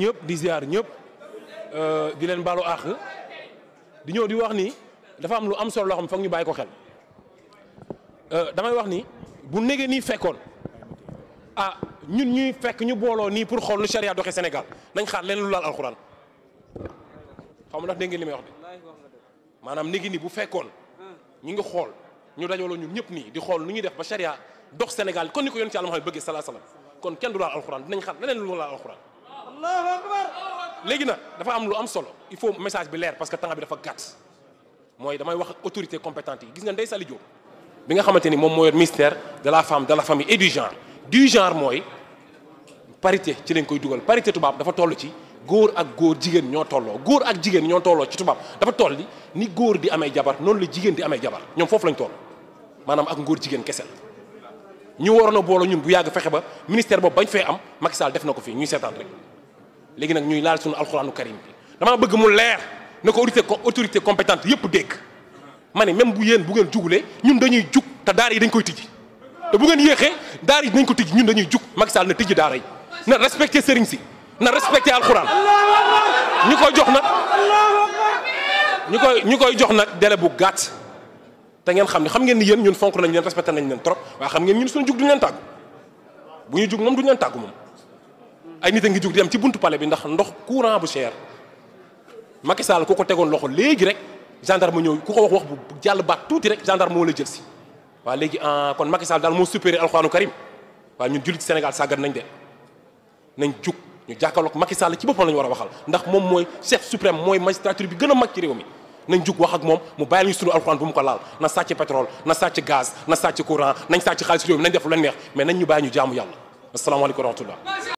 ñëpp di ziar ñëpp euh di leen balu àq di ñëw di wax ni dafa am lu am solo loo xam foog ñu bàyyi ko xel damay wax ni bu négee ni fekkon ah ñun ñuy fekk ñu bolo ni pour xol lu sharia doxé Sénégal nañ xaar leen lu laal alcorane xam nga ndax dégg ngeen li wax de manam négee ni bu fekkon ñi nga xol ñu dajaloo ñun ñëpp ni di xol nu ñuy def ba sharia dox Sénégal kon ni ko yoon ci Yàlla Muhammad bëggee salaa salaam kon kenn du laal alcorane dinañ xaar leneen lu laal alcorane allahu akbar léegi nag dafa am lu am solo il faut message bi leer parce que temps bi dafa gàtt mooy damay wax ak autorité compétente yi gis nga Ndeye Saly Diop bi nga xamante ni moom moo yor ministère de la femme de la famille et du genre du genre mooy parité ci lañ koy dugal parité tubaab dafa toll ci góor ak góor jigéen ñoo tollo, góor ak jigéen ñoo tollo. ci tubaab dafa toll ni ni góor di amee jabar noonu la jigéen di amee jabar ñoom foofu lañ toll maanaam ak ngóor jigéen kessel. la ñu waroon a booloo ñun bu yàgg fexe ba ministère boobu bañ fee am Macky Sall def na ko fii ñuy seetaan rek léegi nak ñuy laal suñu alcorane karim bi damaa bëgg mu leer na ko autorité autorité compétente yépp dégg mané même bu yeen bu gën jugulee ñun dañuy jug ta daara yi dañ koy tijji te bu gën yéxé daara yi dañ ko tijji ñun dañuy jug Macky Sall na tijji daara yi na respecter sëriñ si na respecter alcorane ñu jox nak ñu koy jox nak délai bu gatt te ngeen xamni xam ngeen ni yeen ñun fonk nañ leen respecter nañ leen trop wa xam ngeen ñun suñu jug duñ leen tag bu ñu jug mom duñ leen tàggu mom ay nit a ngi jug di dem ci buntu palais bi ndax ndox courant bu cher Macky Sall ku ko tegoon loxo léegi rek gendarme ñëw ku ko wax wax bu jàll baat tuuti rek gendarme moo la jël si. waaw léegi ah, kon Macky Sall daal moo supéré alxuraanu karim waaye ñun jullit Sénégal sàggat nañ de nañ jug ñu jàkkaarloog Macky Sall ci boppam la war a waxal ndax moom mooy chef suprême mooy magistrature bi gën a mag ci réew mi. nañ jug wax ak moom mu bàyyi ñu sunu alxuraan ko laal na sàcc pétrole na sàcc gaz na sàcc courant nañ sàcc xaalis réew mi nañ def lu leen nañ ñu bàyyi ñu jaamu yàlla asalaamaaleykum wa rahmatullah